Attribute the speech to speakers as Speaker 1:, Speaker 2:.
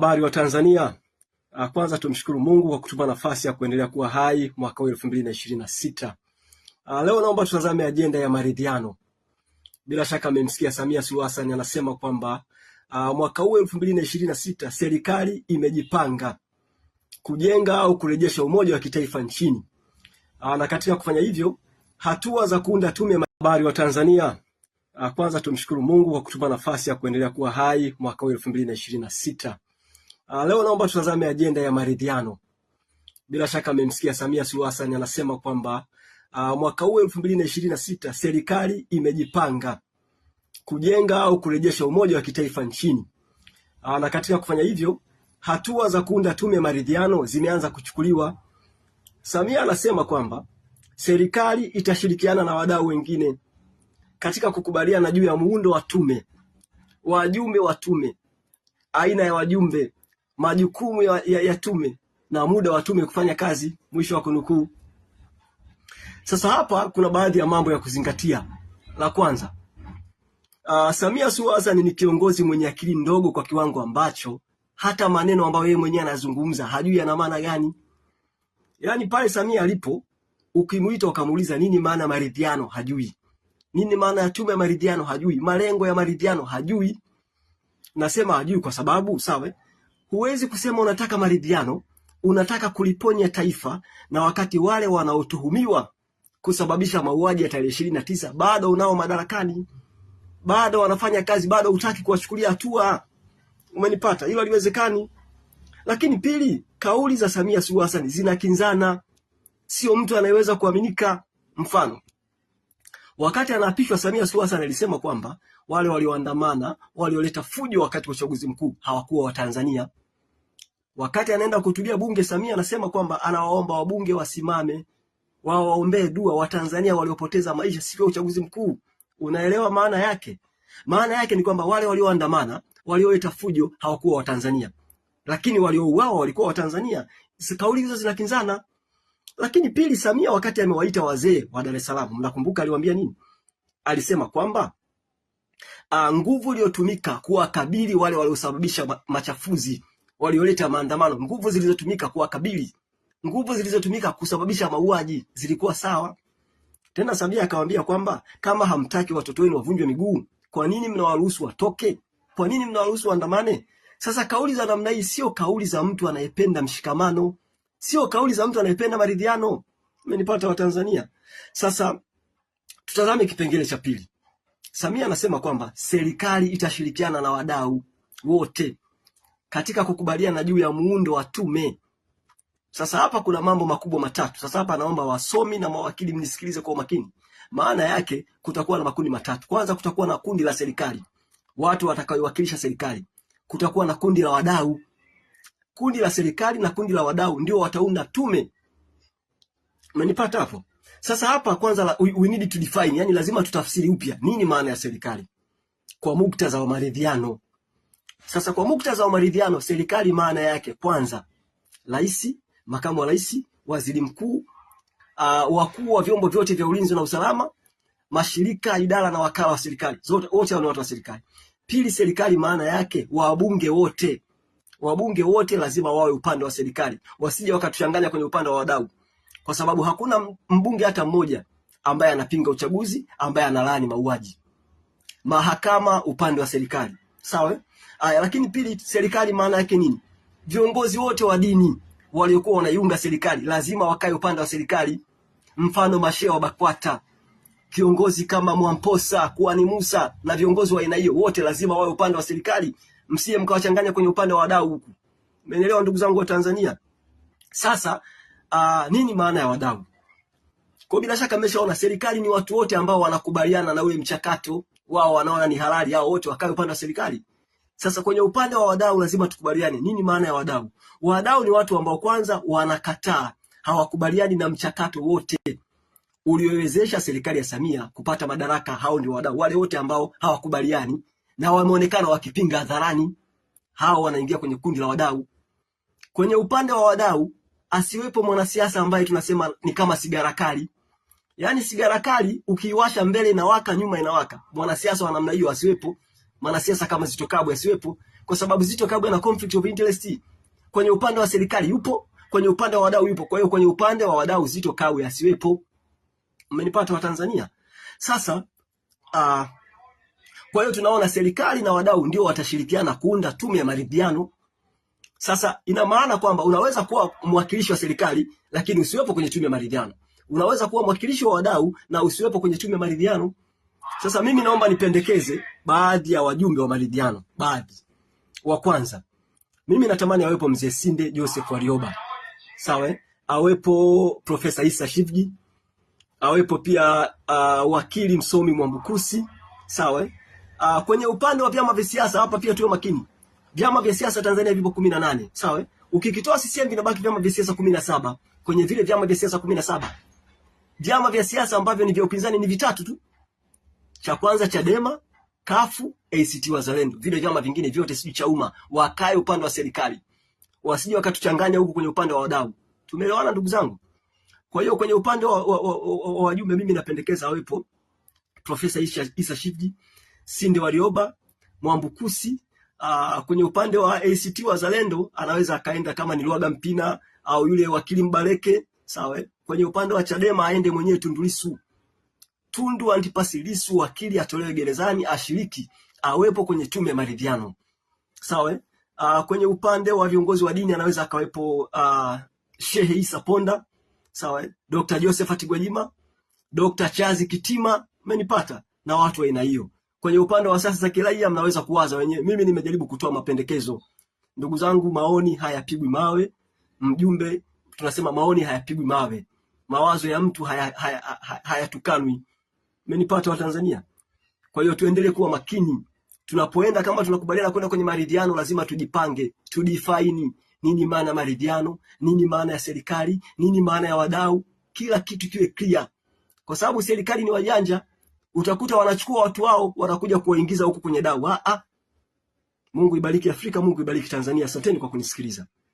Speaker 1: Habari wa Tanzania, ah, kwanza tumshukuru Mungu kwa kutupa nafasi ya kuendelea kuwa hai mwaka wa 2026. Ah, leo naomba tutazame ajenda ya maridhiano. Bila shaka amemsikia Samia Suluhu Hassan anasema kwamba ah, mwaka huu 2026 serikali imejipanga kujenga au kurejesha umoja wa kitaifa nchini, na katika kufanya hivyo hatua za kuunda tume ya habari wa Tanzania. Kwanza tumshukuru Mungu kwa kutupa nafasi ya kuendelea kuwa hai mwaka wa 2026. Uh, leo naomba tutazame ajenda ya maridhiano. Bila shaka mmemsikia Samia Suluhu Hassan anasema kwamba uh, mwaka huu elfu mbili na ishirini na sita serikali imejipanga kujenga au kurejesha umoja wa kitaifa nchini. Uh, na katika kufanya hivyo hatua za kuunda tume ya maridhiano zimeanza kuchukuliwa. Samia anasema kwamba serikali itashirikiana na wadau wengine katika kukubaliana juu ya muundo wa tume, wajumbe wa tume, aina ya wajumbe majukumu ya, ya, ya tume na muda wa tume kufanya kazi, mwisho wa kunukuu. Sasa hapa kuna baadhi ya mambo ya kuzingatia. La kwanza, uh, Samia Suluhu Hassan ni kiongozi mwenye akili ndogo kwa kiwango ambacho hata maneno ambayo yeye mwenyewe anazungumza hajui yana maana gani. Yaani pale Samia alipo, ukimuita ukamuuliza nini maana maridhiano, hajui nini maana ya tume ya maridhiano, hajui malengo ya maridhiano, hajui. Nasema hajui kwa sababu sawa eh? Huwezi kusema unataka maridhiano, unataka kuliponya taifa, na wakati wale wanaotuhumiwa kusababisha mauaji ya tarehe ishirini na tisa bado unao madarakani, bado wanafanya kazi, bado hutaki kuwachukulia hatua. Umenipata? Hilo haliwezekani. Lakini pili, kauli za Samia Suluhu Hassan zinakinzana, sio mtu anayeweza kuaminika. Mfano, wakati anaapishwa, Samia Suluhu Hassan alisema kwamba wale walioandamana, walioleta fujo wakati wa uchaguzi mkuu hawakuwa Watanzania. Wakati anaenda kutulia bunge, Samia anasema kwamba anawaomba wabunge wasimame wawaombee dua Watanzania waliopoteza maisha siku ya uchaguzi mkuu. Unaelewa maana yake? Maana yake ni kwamba wale walioandamana, walioleta fujo hawakuwa Watanzania, lakini waliouawa walikuwa Watanzania. Kauli hizo zinakinzana. Lakini pili, Samia wakati amewaita wazee wa Dar es Salaam, mnakumbuka aliwaambia nini? Alisema kwamba ah, nguvu iliyotumika kuwakabili wale waliosababisha machafuzi walioleta maandamano, nguvu zilizotumika kuwakabili, nguvu zilizotumika kusababisha mauaji zilikuwa sawa? Tena Samia akawaambia kwamba kama hamtaki watoto wenu wavunjwe miguu, kwa nini mnawaruhusu watoke? Kwa nini mnawaruhusu waandamane? Sasa kauli za namna hii sio kauli za mtu anayependa mshikamano, sio kauli za mtu anayependa maridhiano. Umenipata Watanzania? Sasa tutazame kipengele cha pili. Samia anasema kwamba serikali itashirikiana na wadau wote katika kukubaliana juu ya muundo wa tume. Sasa hapa kuna mambo makubwa matatu. Sasa hapa naomba wasomi na mawakili mnisikilize kwa umakini. Maana yake kutakuwa na makundi matatu. Kwanza kutakuwa na kundi la serikali, watu watakaowakilisha serikali. Kutakuwa na kundi la wadau, kundi la serikali na kundi la wadau ndio wataunda tume. Umenipata hapo? Sasa hapa kwanza la, we need to define, yani lazima tutafsiri upya nini maana ya serikali kwa muktadha wa maridhiano. Sasa kwa muktadha wa maridhiano, serikali maana yake kwanza, rais, makamu wa rais, waziri mkuu, uh, wakuu wa vyombo vyote vya ulinzi na usalama, mashirika, idara na wakala wa serikali zote, wote ni watu wa serikali. Pili, serikali maana yake wabunge wote. Wabunge wote lazima wawe upande wa serikali, wasije wakatuchanganya kwenye upande wa wadau, kwa sababu hakuna mbunge hata mmoja ambaye anapinga uchaguzi, ambaye analaani mauaji. Mahakama upande wa serikali, sawa. Aya, lakini pili, serikali maana yake nini? Viongozi wote wa dini waliokuwa wanaiunga serikali lazima wakae upande wa serikali. Mfano mashehe wa BAKWATA, kiongozi kama Mwamposa, Kuani Musa na viongozi wa aina hiyo, wote lazima wawe upande wa serikali, msije mkawachanganya kwenye upande wa wadau huku. Umeelewa ndugu zangu wa Tanzania? Sasa aa, nini maana ya wadau? Kwa bila shaka mmeshaona serikali ni watu wote ambao wanakubaliana na ule mchakato wao, wanaona ni halali, hao wote wakae upande wa serikali. Sasa kwenye upande wa wadau lazima tukubaliane nini maana ya wadau. Wadau ni watu ambao kwanza wanakataa, hawakubaliani na mchakato wote uliowezesha serikali ya Samia kupata madaraka. Hao ndio wadau, wale wote ambao hawakubaliani na wameonekana wakipinga hadharani, hao wanaingia kwenye kundi la wadau. Kwenye upande wa wadau asiwepo mwanasiasa ambaye tunasema ni kama sigara kali, yaani sigara kali ukiiwasha mbele inawaka, nyuma inawaka. Mwanasiasa wa namna hiyo asiwepo. Mwanasiasa kama Zito Kabwe asiwepo, kwa sababu Zito Kabwe ana conflict of interest. Kwenye upande wa serikali yupo, kwenye upande wa wadau yupo. Kwa hiyo kwenye upande wa wadau Zito Kabwe asiwepo. Mmenipata wa Tanzania? Sasa uh, kwa hiyo tunaona serikali na wadau ndio watashirikiana kuunda tume ya maridhiano. Sasa ina maana kwamba unaweza kuwa mwakilishi wa serikali lakini usiwepo kwenye tume ya maridhiano. Unaweza kuwa mwakilishi wa wadau na usiwepo kwenye tume ya maridhiano. Sasa mimi naomba nipendekeze baadhi ya wajumbe wa maridhiano, baadhi. Wa kwanza, mimi natamani awepo mzee Sinde Joseph Warioba, sawa? Eh? Awepo Profesa Isa Shivji, awepo pia uh, wakili msomi Mwambukusi, sawa? Eh? Uh, kwenye upande wa vyama vya siasa hapa pia tuwe makini. Vyama vya siasa Tanzania vipo 18, sawa? Eh? Ukikitoa CCM vinabaki vyama vya siasa 17. Kwenye vile vyama vya siasa 17, vyama vya siasa ambavyo ni vya upinzani ni vitatu tu cha kwanza Chadema, Kafu, ACT Wazalendo, vile vyama vingine vyote sijui cha umma wakae upande wa serikali, wasije wakatuchanganya huku kwenye upande wa wadau. Tumeelewana ndugu zangu? Kwa hiyo kwenye upande wa wajumbe, mimi napendekeza awepo Profesa Isa Isa Shivji, Sinde Warioba, Mwambukusi. Aa, ah, kwenye upande wa ACT Wazalendo anaweza akaenda kama ni Luaga Mpina au yule wakili Mbareke, sawa. Eh? Kwenye upande wa Chadema aende mwenyewe Tundu Lissu. Tundu Antipas Lissu wakili atolewe gerezani, ashiriki, awepo kwenye tume ya maridhiano. Sawa? Uh, kwenye upande wa viongozi wa dini anaweza akawepo uh, ah, Shehe Isa Ponda, sawa? Eh? Dr. Josephat Gwajima, Dr. Chazi Kitima, mmenipata na watu aina hiyo. Kwenye upande wa siasa za kiraia mnaweza kuwaza wenyewe. Mimi nimejaribu kutoa mapendekezo. Ndugu zangu, maoni hayapigwi mawe. Mjumbe, tunasema maoni hayapigwi mawe. Mawazo ya mtu hayatukanwi haya, haya, haya wa Tanzania. Kwa hiyo tuendelee kuwa makini tunapoenda, kama tunakubaliana kwenda kwenye maridhiano, lazima tujipange, tudifaini nini maana ya maridhiano, nini maana ya serikali, nini maana ya wadau, kila kitu kiwe clear, kwa sababu serikali ni wajanja, utakuta wanachukua watu wao wanakuja kuwaingiza huku kwenye dau. Mungu ibariki Afrika, Mungu ibariki Tanzania. Asanteni kwa kunisikiliza.